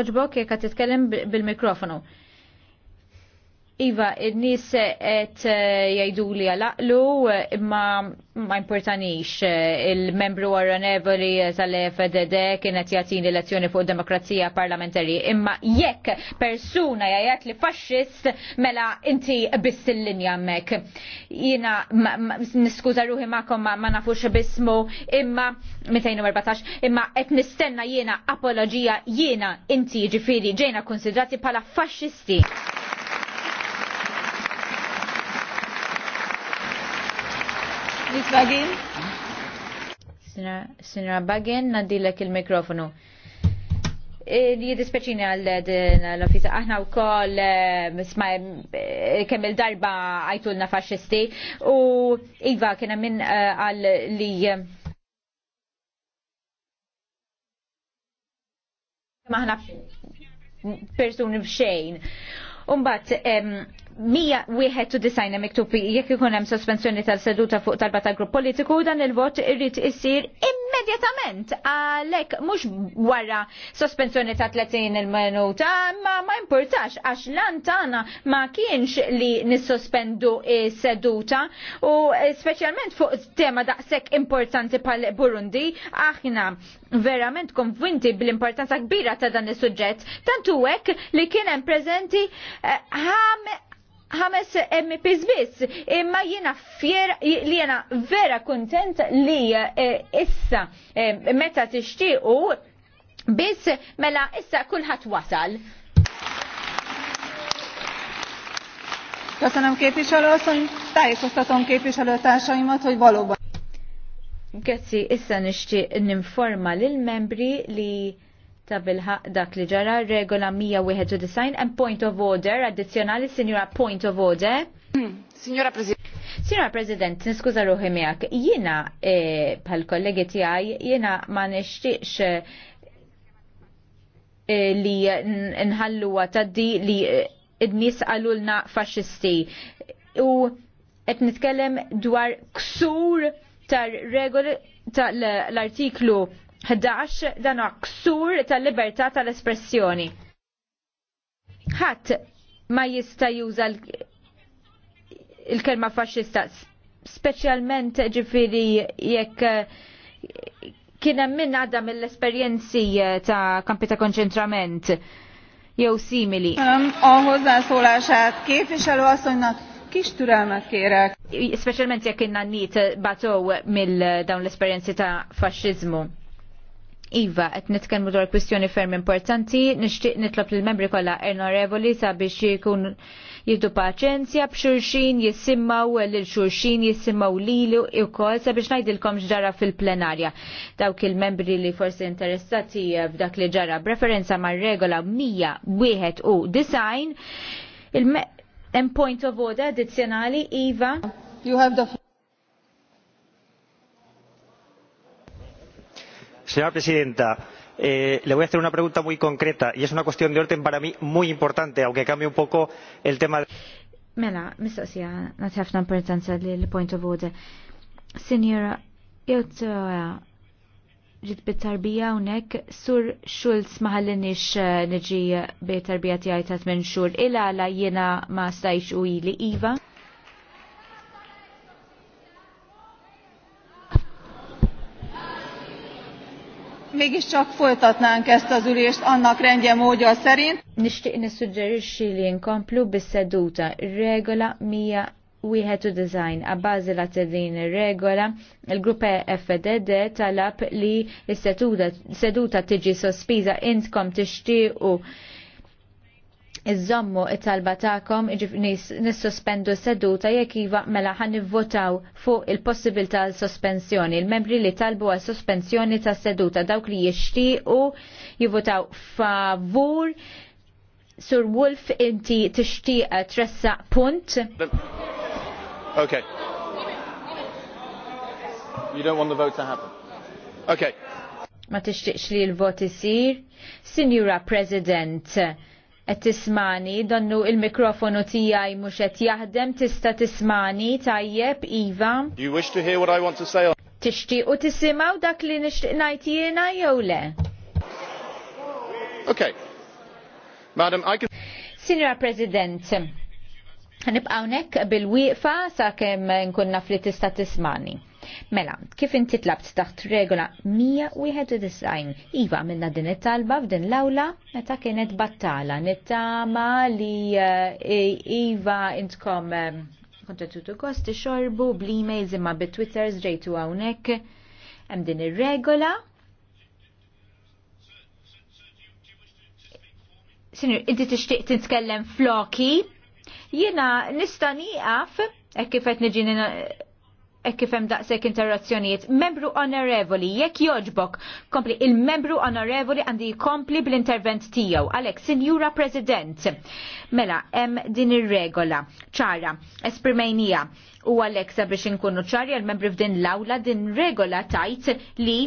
Kjoġbok jekk titkellem bil-mikrofonu. Iva, il nis et eh, jajdu li għalaqlu, eh, imma ma importanix eh, il-membru għarranevoli tal-FDD kienet l-elezzjoni fuq demokrazija parlamentari. Imma jekk persuna jajat li fasċist, mela inti biss il-linja mek. Jina, niskuza ruħi ma'kom ma nafux bismu, imma 214, imma et nistenna jena apologija jena inti ġifiri ġena konsidrati pala fasċisti. Miss Bagin? Sinra Bagin, nadilek il-mikrofonu e, jidispeċini għal l-offisa. Aħna u koll e, e, kemm il-darba għajtulna faxisti u Iva kena minn għal li maħna persuni bxejn. Umbat, mija wieħed u disajna miktub jekk ikun hemm sospensjoni tal-seduta fuq talba tal-grupp politiku dan il-vot irrid isir immedjatament għalhekk mhux wara sospensjoni ta' 30 il-minuta ma ma importax għax lan tagħna ma kienx li nissospendu is-seduta u speċjalment fuq tema daqshekk importanti pal Burundi aħna verament konvinti bl-importanza kbira ta' dan is-suġġett tantu hekk li kien hemm preżenti eh, ħam ħames MPs biss, imma jiena fjera, li jiena vera kontent li eh, issa eh, meta tixtiequ biss mela issa kulħadd wasal. Köszönöm képviselő asszony, tájékoztatom képviselőtársaimat, hogy valóban. Grazzi, issa nixtieq ninforma lill membri li ta' bilħaq dak li ġara regola 191 and point of order addizzjonali sinjura point of order. Hmm, Signora President. Signora President, niskuza ruħi miak, Jiena eh, bħal kollegi tiegħi jiena ma nishtiqx eh, li nħallu taddi li eh, id-nies qalulna faxxisti. U qed nitkellem dwar ksur tar regoli tal-artiklu 11 dan ksur tal-libertà tal-espressjoni. Ħadd ma jista' juża il-kelma faxxista, speċjalment ġifieri jekk eh, kien hemm min għadha mill-esperjenzi eh, ta' kampi ta' konċentrament jew simili. A hozzászólását képviselő asszonynak kis türelmet kérek. Speċjalment jekk inna nit batow mill-dawn l-esperjenzi ta' faxxiżmu. Iva, qed nitkellmu dwar kwistjoni ferm importanti, nixtieq nitlob lill membri kollha onorevoli sabiex jkun jiddu paċenzja b'xurxin jissimmaw lil xurxin jissimmaw lilu wkoll sabiex ngħidilkom x'ġara fil-plenarja. Dawk il-membri li forsi interessati f'dak li ġara b'referenza mar-regola mija wieħed u design il-point of order addizzjonali Iva. You have the Señora presidenta, eh, le voy a hacer una pregunta muy concreta y es una cuestión de orden para mí muy importante, aunque cambie un poco el tema. Mela, mistoqsija, natħafna importanza li l-point of order. Signora, jew ġit bit-tarbija unek sur Schulz maħallinix nġi eh, bit-tarbija tijaj ta' 8 xur illa la jena ma stajx u ili Iva. csak folytatnánk ezt az ülést annak rendje módja szerint. Nishtiq nissuġġerixxi li nkomplu bis-seduta regola wieħed u a bażi la din regola il-grupp e FDD talab li s-seduta tiġi sospiża intkom tixtiequ iżommu it-talba ta'kom nissospendu seduta jekk iva mela ħan nivvotaw fuq il-possibilità sospensjoni. Il-membri li talbu għal sospensjoni ta' seduta dawk li jixtiequ jivvotaw favur Sur Wolf inti tixtieq tressa punt. Okay. You don't want the vote to happen. Okay. Ma tixtieqx li l-vot isir. Signora President, tismani, donnu il-mikrofonu tiegħi mhux qed jaħdem, tista' tismani tajjeb Iva. you wish to hear what I want to say? Tixtiequ tisimaw dak li nixtieq ngħid jiena jew le? Okay. Madam, I can... Senior President, ħanibqa' hawnhekk bil-wieqfa sakemm nkun naf li tista' tismani. Mela, kif inti tlabt taħt regola 191, iva minna din it-talba f'din l-awla meta kienet battala, nittama li eh, iva intkom eh, kontetutu kosti xorbu bl-emails imma bit-twitters ġejtu għawnek hemm din ir-regola. Sinur, inti tixtieq titkellem floki? Jiena nista' nieqaf hekk kif qed niġi e kifem daqsek interazzjoniet, Membru onorevoli, jekk joġbok, kompli il-membru onorevoli għandi kompli bl-intervent tijaw. Alex, Sinjura President, mela, em din ir-regola, ċara, esprimejnija u Alexa biex inkunu ċari għal-membri f'din l-awla din regola tajt li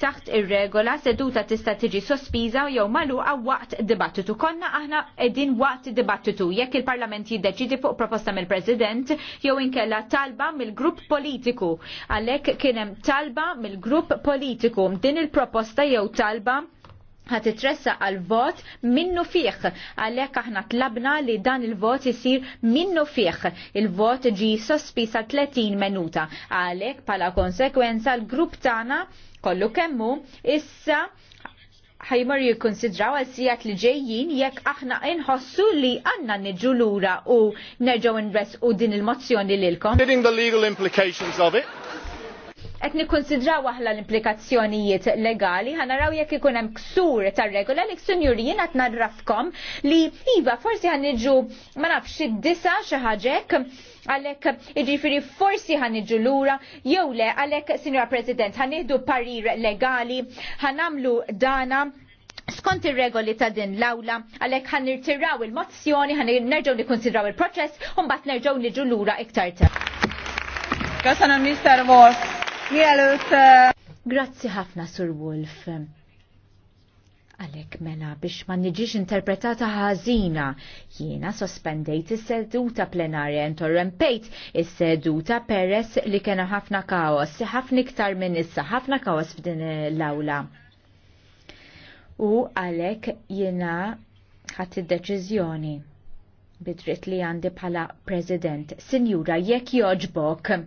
taħt ir-regola seduta tista' tiġi sospiża jew magħluqa waqt dibattitu. Konna aħna qegħdin waqt dibattitu jekk il-Parlament jiddeċidi fuq proposta mill-President jew inkella talba mill-grupp politiku. Għalhekk kien hemm talba mill-grupp politiku din il-proposta jew talba ħat titressa għal vot minnu fieħ. Għalek aħna tlabna li dan il-vot jisir minnu fieħ. Il-vot ġi sospisa 30 minuta. Għalek pala konsekwenza l-grupp tana kollu kemmu issa ħajmur jikkonsidraw għal sijat li ġejjin jekk aħna inħossu li għanna nġu lura u nerġaw nres u din il-mozzjoni lilkom. Getting the legal implications of it qed nikkonsidraw aħna l-implikazzjonijiet legali, ħanaraw jekk ikun hemm ksur tar-regola li sunjuri jien qed narrafkom li iva forsi ħaniġu ma nafx id-disa xi ħaġek għalhekk jiġifieri forsi l lura jew le għalhekk Sinjora President iħdu parir legali ħanamlu dana skont ir-regoli ta' din l-awla, għalhekk ħan nirtiraw il-mozzjoni, ħan nerġgħu nikkonsidraw il-proċess, u mbagħad nerġgħu niġu lura iktar ta'. Kasana Mr. Wolf. Mielut. Grazzi ħafna, Sur Wolf. Għalek mela biex ma nġiġ interpretata ħażina, jiena sospendejt is-seduta plenarja interrompejt is-seduta peress li kena ħafna kaos, ħafna iktar minn issa, ħafna kaos f'din l-awla. U għalek jiena ħadd id-deċiżjoni bidrit li għandi bħala President. Sinjura, jekk joġbok,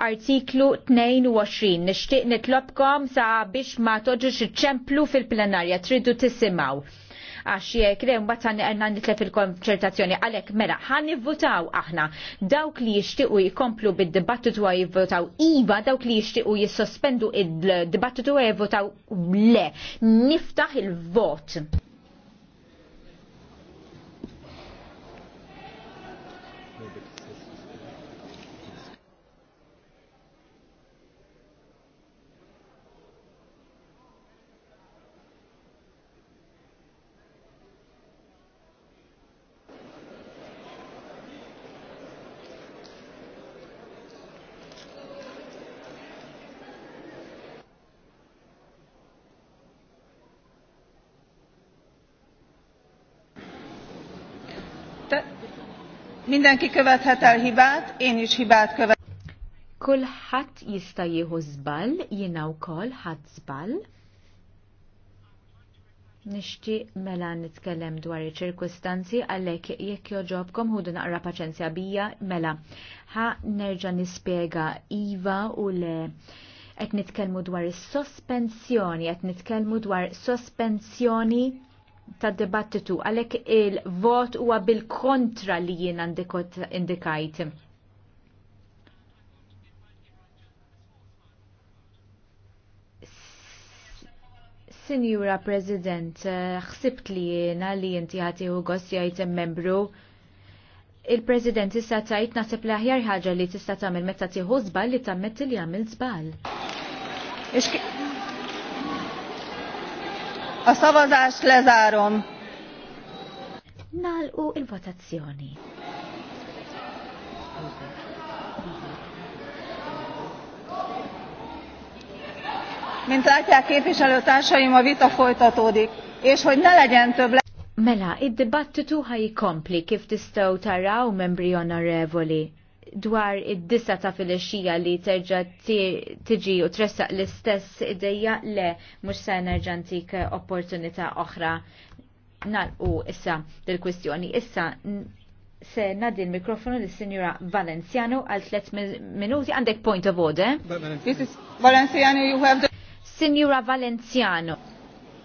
artiklu 22. Nixtieq nitlobkom sa biex ma toġġux iċċemplu fil-plenarja, tridu tisimgħu. Għax jek le mbagħad għandna nitlef il-konċertazzjoni għalhekk mela ħan votaw aħna dawk li jixtiequ jikomplu bid-dibattitu għaj jivvotaw iva dawk li jixtiequ jissospendu id-dibattitu għaj jivvotaw le. Niftaħ il-vot. Mindenki követhet el hibát, én is hibát követ. Kulħadd jista' jieħu żball, jiena wkoll ħadd żball. Nishti mela nitkellem dwar iċ-ċirkustanzi għalhekk jekk joġobkom ħudu naqra paċenzja bija mela. Ħa nerġa' nispjega iva u le qed nitkellmu dwar is-sospensjoni, qed nitkellmu dwar sospensjoni ta' dibattitu għalek il-vot huwa bil-kontra li jien indikajt. Sinjura President, xsibt li jiena li jinti ħati u għosjajt membru il-President issa tajt nasib li aħjar ħaġa li tista' tagħmel meta tieħu żball li tammet li jagħmel żball. A szavazást lezárom. Nalqu il-votazzjoni. Mint látják képviselőtársaim, a vita folytatódik, és hogy ne legyen több le... Mela, id-dibattitu ħaj kompli kif tistaw taraw membri onorevoli dwar id-disa ta' filixija li terġa tiġi u tressaq l-istess ideja le mhux se nerġa' opportunita opportunità oħra nalqu issa dil-kwistjoni. Issa se nadi l-mikrofonu l sinjura Valenciano għal 3 minuti għandek point of order. Valenciano, you have the... Signora Valenciano.